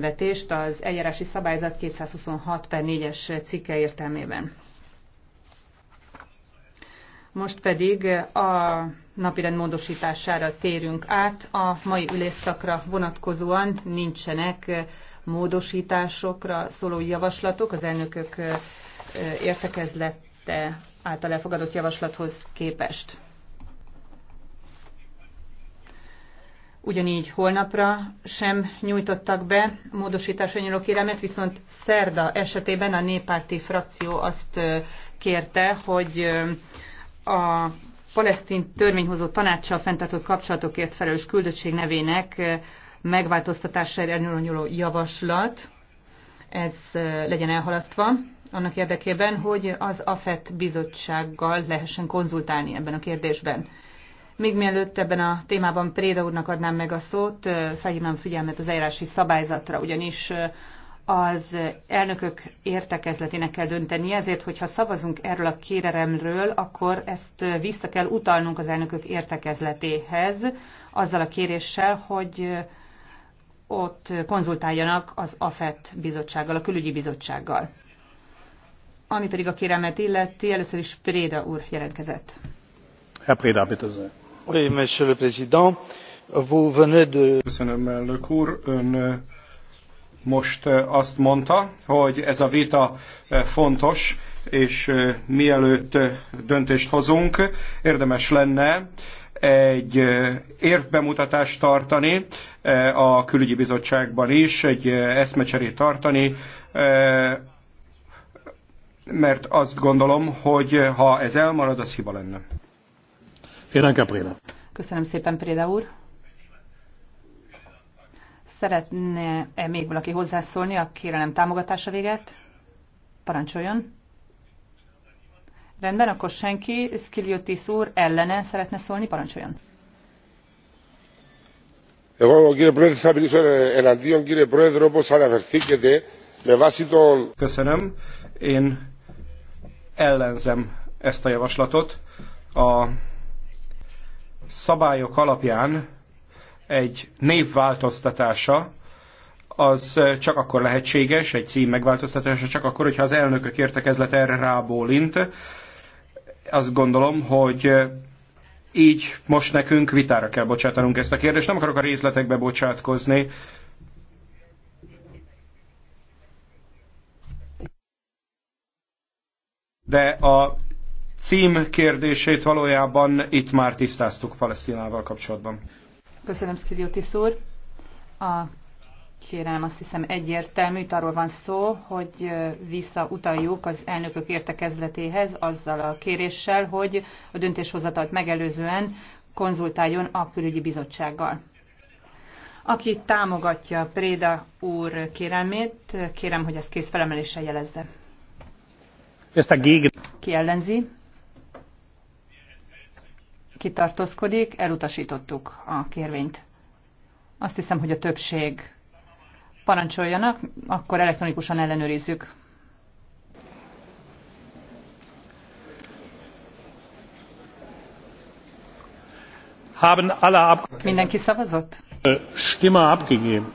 vetést az eljárási szabályzat 226 per 4-es cikke értelmében. Most pedig a napirend módosítására térünk át. A mai ülésszakra vonatkozóan nincsenek módosításokra szóló javaslatok. Az elnökök értekezlete által elfogadott javaslathoz képest. ugyanígy holnapra sem nyújtottak be módosítási nyúló viszont szerda esetében a néppárti frakció azt kérte, hogy a palesztin törvényhozó tanácssal fenntartott kapcsolatokért felelős küldöttség nevének megváltoztatására nyúló javaslat, ez legyen elhalasztva annak érdekében, hogy az AFET bizottsággal lehessen konzultálni ebben a kérdésben. Még mielőtt ebben a témában Préda úrnak adnám meg a szót, felhívnám figyelmet az eljárási szabályzatra, ugyanis az elnökök értekezletének kell dönteni, ezért, hogyha szavazunk erről a kéreremről, akkor ezt vissza kell utalnunk az elnökök értekezletéhez, azzal a kéréssel, hogy ott konzultáljanak az AFET bizottsággal, a külügyi bizottsággal. Ami pedig a kérelmet illeti, először is Préda úr jelentkezett. Herr Préda, bitte sehr monsieur le président vous venez de. köszönöm elnök úr ön most azt mondta hogy ez a vita fontos és mielőtt döntést hozunk érdemes lenne egy érvbemutatást tartani a külügyi bizottságban is, egy eszmecserét tartani mert azt gondolom, hogy ha ez elmarad, az hiba lenne. Köszönöm szépen, Préda úr. Szeretne -e még valaki hozzászólni a kérelem támogatása véget? Parancsoljon. Rendben, akkor senki. Skiliotis úr ellene szeretne szólni, parancsoljon. Köszönöm. Én ellenzem ezt a javaslatot. A szabályok alapján egy név változtatása az eh, csak akkor lehetséges, egy cím megváltoztatása csak akkor, hogyha az elnökök értekezlet erre rábólint. Azt gondolom, hogy eh, így most nekünk vitára kell bocsátanunk ezt a kérdést. Nem akarok a részletekbe bocsátkozni. De a cím kérdését valójában itt már tisztáztuk Palesztinával kapcsolatban. Köszönöm, Szkiliotis úr. A kérem, azt hiszem egyértelmű, itt arról van szó, hogy visszautaljuk az elnökök értekezletéhez azzal a kéréssel, hogy a döntéshozatalt megelőzően konzultáljon a külügyi bizottsággal. Aki támogatja Préda úr kérelmét, kérem, hogy ezt felemeléssel jelezze. Ezt a gég... Ki ellenzi? kitartózkodik, elutasítottuk a kérvényt. Azt hiszem, hogy a többség parancsoljanak, akkor elektronikusan ellenőrizzük. Haben alle ab Mindenki szavazott? Äh, Stimme abgegeben.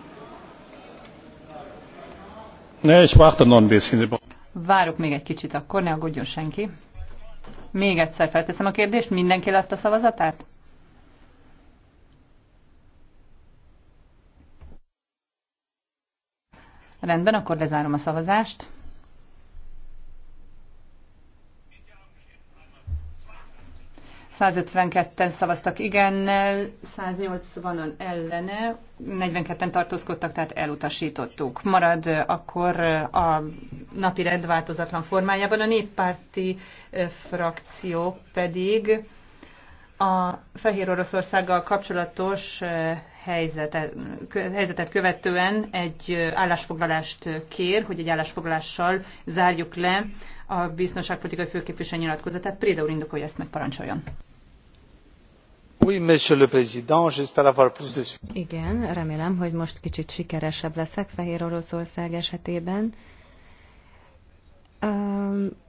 Ne, ich warte noch ein bisschen. Várok még egy kicsit, akkor ne aggódjon senki. Még egyszer felteszem a kérdést, mindenki látta a szavazatát? Rendben, akkor lezárom a szavazást. 152-en szavaztak igennel, 180-an ellene, 42-en tartózkodtak, tehát elutasítottuk. Marad akkor a napi rend változatlan formájában, a néppárti frakció pedig a Fehér Oroszországgal kapcsolatos helyzetet, követően egy állásfoglalást kér, hogy egy állásfoglalással zárjuk le a biztonságpolitikai főképviselő nyilatkozatát. Préda úr indokolja ezt meg, parancsoljon. Igen, remélem, hogy most kicsit sikeresebb leszek Fehér Oroszország esetében.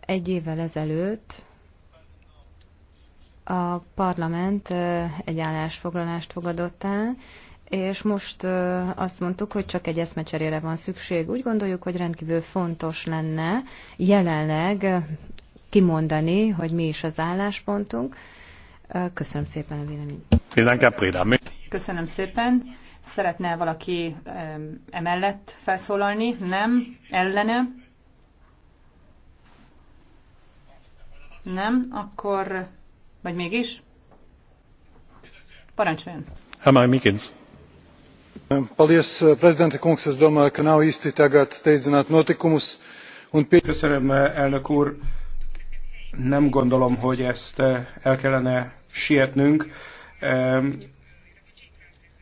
Egy évvel ezelőtt a parlament egy állásfoglalást fogadott el, és most azt mondtuk, hogy csak egy eszmecserére van szükség. Úgy gondoljuk, hogy rendkívül fontos lenne jelenleg kimondani, hogy mi is az álláspontunk, Köszönöm szépen a véleményt. Köszönöm szépen. Szeretne valaki emellett felszólalni? Nem? Ellene? Nem? Akkor... Vagy mégis? Parancsoljon. Hamar Mikins. Paldies, prezidente kungs, es domāju, ka nav īsti tagad steidzināt notikumus. Un... Köszönöm, elnök úr. Nem gondolom, hogy ezt el kellene sietnünk.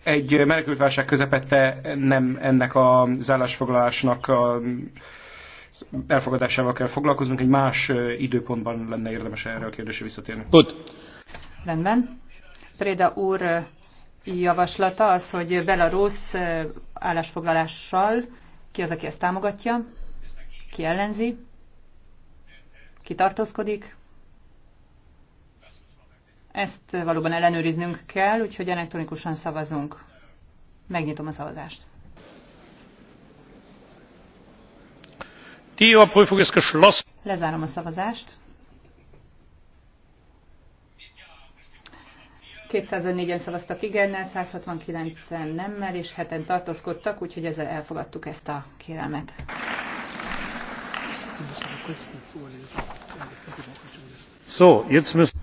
Egy menekültválság közepette nem ennek az állásfoglalásnak a elfogadásával kell foglalkoznunk, egy más időpontban lenne érdemes erre a kérdésre visszatérni. Good. Rendben. Préda úr javaslata az, hogy Belarus állásfoglalással ki az, aki ezt támogatja, ki ellenzi, ki tartózkodik, ezt valóban ellenőriznünk kell, úgyhogy elektronikusan szavazunk. Megnyitom a szavazást. Die Überprüfung ist geschlossen. Lezárom a szavazást. 204-en szavaztak igennel, 169-en nemmel, és heten tartózkodtak, úgyhogy ezzel elfogadtuk ezt a kérelmet. So, jetzt müssen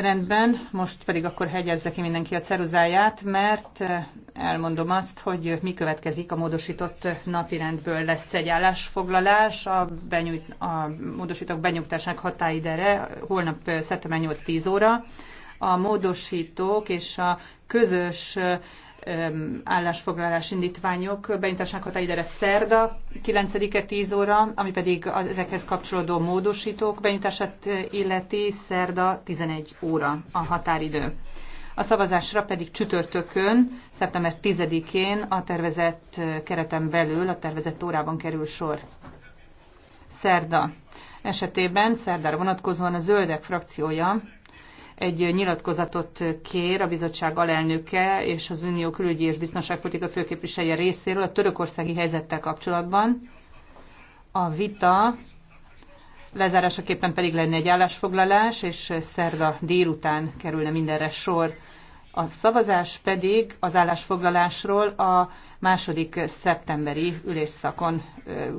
Rendben, most pedig akkor hegyezze ki mindenki a ceruzáját, mert elmondom azt, hogy mi következik a módosított napirendből. Lesz egy állásfoglalás, a, benyújt, a módosítók benyújtásának határidere holnap szeptember 8-10 óra. A módosítók és a közös állásfoglalás indítványok a határidere szerda 9-e 10 óra, ami pedig az ezekhez kapcsolódó módosítók beintását illeti szerda 11 óra a határidő. A szavazásra pedig csütörtökön, szeptember 10-én a tervezett kereten belül, a tervezett órában kerül sor. Szerda esetében, szerdára vonatkozóan a zöldek frakciója egy nyilatkozatot kér a bizottság alelnöke és az Unió külügyi és biztonságpolitika főképviselője részéről a törökországi helyzettel kapcsolatban. A vita lezárásaképpen pedig lenne egy állásfoglalás, és szerda délután kerülne mindenre sor. A szavazás pedig az állásfoglalásról a második szeptemberi ülésszakon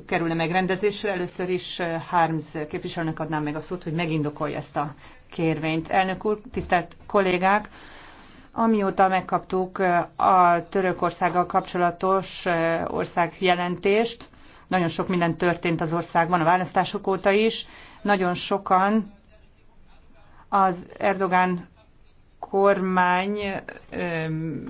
kerülne megrendezésre. Először is Harms képviselőnek adnám meg a szót, hogy megindokolja ezt a kérvényt. Elnök úr, tisztelt kollégák! Amióta megkaptuk a Törökországgal kapcsolatos jelentést. nagyon sok minden történt az országban, a választások óta is. Nagyon sokan az Erdogán kormány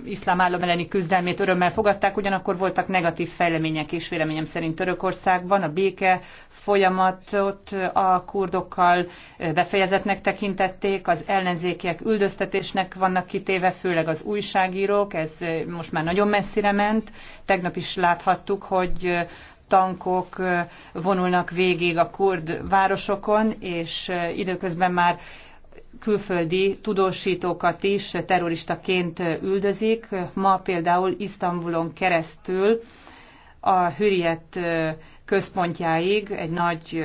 iszlám állam elleni küzdelmét örömmel fogadták, ugyanakkor voltak negatív fejlemények is véleményem szerint Törökországban. A béke folyamatot a kurdokkal befejezetnek tekintették, az ellenzékiek üldöztetésnek vannak kitéve, főleg az újságírók, ez most már nagyon messzire ment. Tegnap is láthattuk, hogy tankok vonulnak végig a kurd városokon, és időközben már külföldi tudósítókat is terroristaként üldözik. Ma például Isztambulon keresztül a Hürriyet központjáig, egy nagy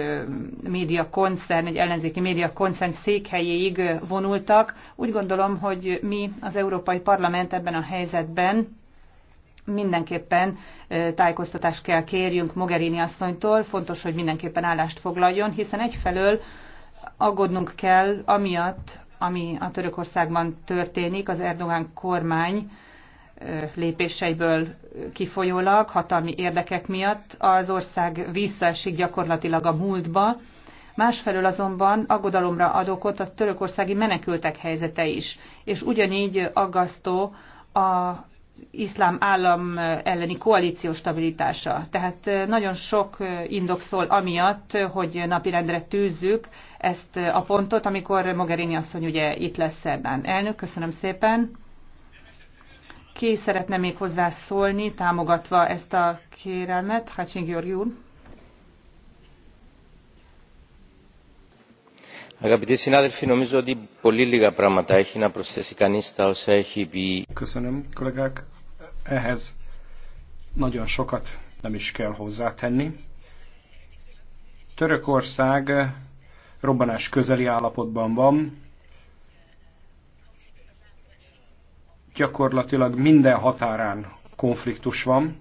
média koncern, egy ellenzéki média koncern székhelyéig vonultak. Úgy gondolom, hogy mi az Európai Parlament ebben a helyzetben mindenképpen tájékoztatást kell kérjünk Mogherini asszonytól, fontos, hogy mindenképpen állást foglaljon, hiszen egyfelől aggódnunk kell amiatt, ami a Törökországban történik, az Erdogán kormány lépéseiből kifolyólag, hatalmi érdekek miatt az ország visszaesik gyakorlatilag a múltba, másfelől azonban aggodalomra ad okot a törökországi menekültek helyzete is, és ugyanígy aggasztó a iszlám állam elleni koalíció stabilitása. Tehát nagyon sok indok szól amiatt, hogy napirendre tűzzük ezt a pontot, amikor Mogherini asszony ugye itt lesz szerdán. Elnök, köszönöm szépen. Ki szeretne még hozzászólni, támogatva ezt a kérelmet? Hacsin György úr. Αγαπητοί συνάδελφοι, νομίζω ότι πολύ λίγα πράγματα έχει να προσθέσει κανείς όσα έχει πει. Köszönöm, kollégák. Ehhez nagyon sokat nem is kell hozzátenni. Törökország robbanás közeli állapotban van, gyakorlatilag minden határán konfliktus van,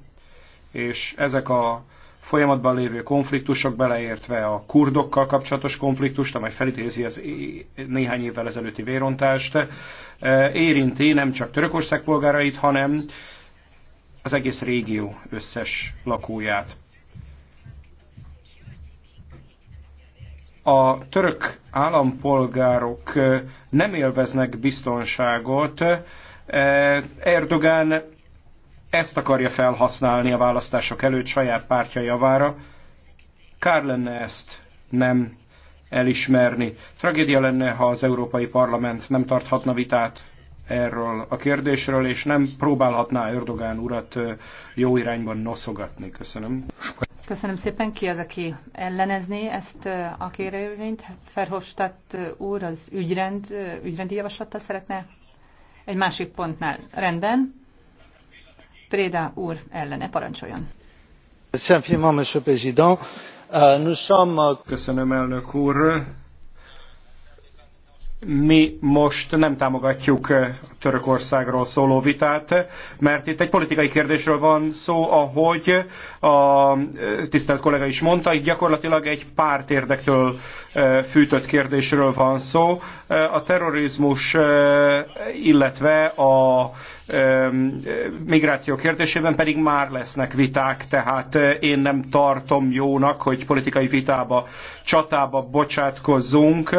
és ezek a folyamatban lévő konfliktusok, beleértve a kurdokkal kapcsolatos konfliktust, amely felidézi az néhány évvel ezelőtti vérontást, eh, érinti nem csak Törökország polgárait, hanem az egész régió összes lakóját. A török állampolgárok nem élveznek biztonságot. Erdogán ezt akarja felhasználni a választások előtt saját pártja javára. Kár lenne ezt nem elismerni. Tragédia lenne, ha az Európai Parlament nem tarthatna vitát erről a kérdésről, és nem próbálhatná Erdogán urat jó irányban noszogatni. Köszönöm. Köszönöm szépen. Ki az, aki ellenezné ezt a kérvényt? Ferhofstadt hát úr az ügyrend, ügyrendi javaslattal szeretne egy másik pontnál. Rendben. Préda úr ellene parancsoljon. Euh, euh, Köszönöm, elnök úr mi most nem támogatjuk eh, Törökországról szóló vitát, mert itt egy politikai kérdésről van szó, ahogy a tisztelt kollega is mondta, itt gyakorlatilag egy párt érdektől fűtött kérdésről van szó. A terrorizmus, illetve a migráció kérdésében pedig már lesznek viták, tehát én nem tartom jónak, hogy politikai vitába, csatába bocsátkozzunk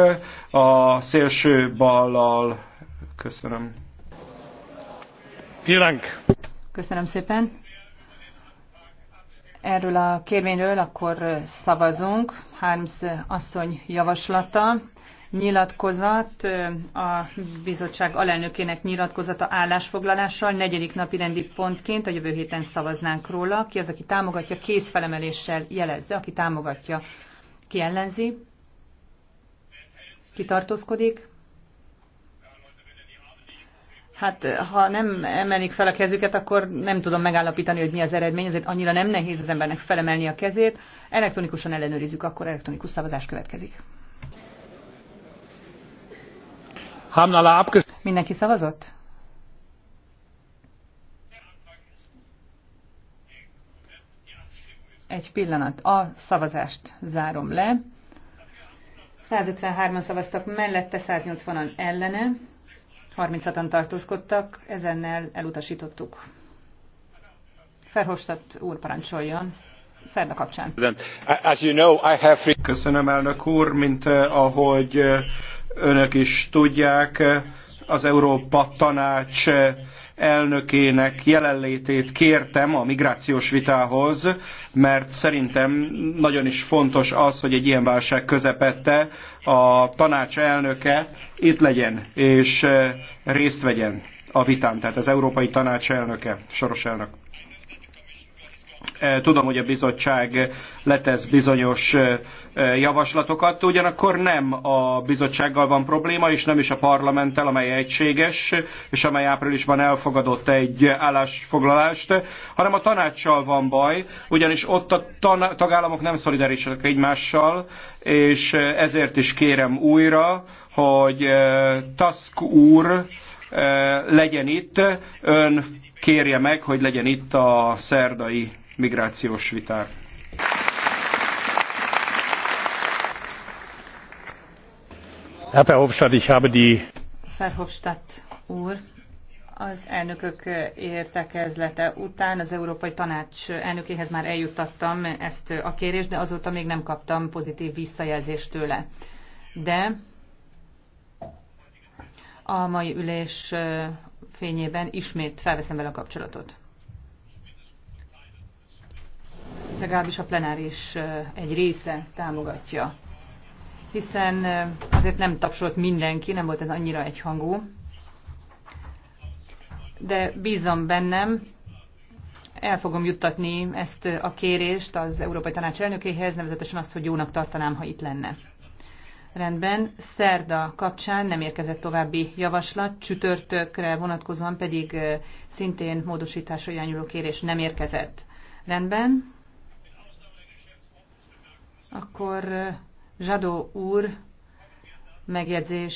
a szélső ballal. Köszönöm. Köszönöm szépen. Erről a kérvényről akkor szavazunk. Harms asszony javaslata, nyilatkozat, a bizottság alelnökének nyilatkozata állásfoglalással, negyedik napi rendi pontként a jövő héten szavaznánk róla. Ki az, aki támogatja, kézfelemeléssel jelezze, aki támogatja, ki ellenzi, ki tartózkodik. Hát ha nem emelik fel a kezüket, akkor nem tudom megállapítani, hogy mi az eredmény, ezért annyira nem nehéz az embernek felemelni a kezét. Elektronikusan ellenőrizzük, akkor elektronikus szavazás következik. Mindenki szavazott? Egy pillanat. A szavazást zárom le. 153-an szavaztak mellette, 180-an ellene. 36-an tartózkodtak, ezennel elutasítottuk. Ferhostat úr parancsoljon. Szerda kapcsán. Köszönöm, elnök úr, mint eh, ahogy eh, önök is tudják, eh, az Európa Tanács eh, elnökének jelenlétét kértem a migrációs vitához, mert szerintem nagyon is fontos az, hogy egy ilyen válság közepette a tanács elnöke itt legyen és eh, részt vegyen a vitán, tehát az Európai Tanács elnöke, soros elnök. Eh, tudom, hogy a bizottság letesz bizonyos eh, eh, javaslatokat, ugyanakkor nem a bizottsággal van probléma, és nem is a parlamenttel, amely egységes, és amely áprilisban elfogadott egy állásfoglalást, hanem a tanácssal van baj, ugyanis ott a tagállamok nem szolidárisak egymással, és ezért is kérem újra, hogy Tusk úr legyen itt, ön kérje meg, hogy legyen itt a szerdai migrációs viták. Herr Verhofstadt, Verhofstadt úr, az elnökök értekezlete után az Európai Tanács elnökéhez már eljuttattam ezt a kérést, de azóta még nem kaptam pozitív visszajelzést tőle. De a mai ülés fényében ismét felveszem vele a kapcsolatot. legalábbis a plenáris egy része támogatja. Hiszen azért nem tapsolt mindenki, nem volt ez annyira egyhangú. De bízom bennem, el fogom juttatni ezt a kérést az Európai Tanács elnökéhez, nevezetesen azt, hogy jónak tartanám, ha itt lenne. Rendben, szerda kapcsán nem érkezett további javaslat, csütörtökre vonatkozóan pedig szintén módosításra irányuló kérés nem érkezett. Rendben, akkor eh, Zsadó úr megjegyzés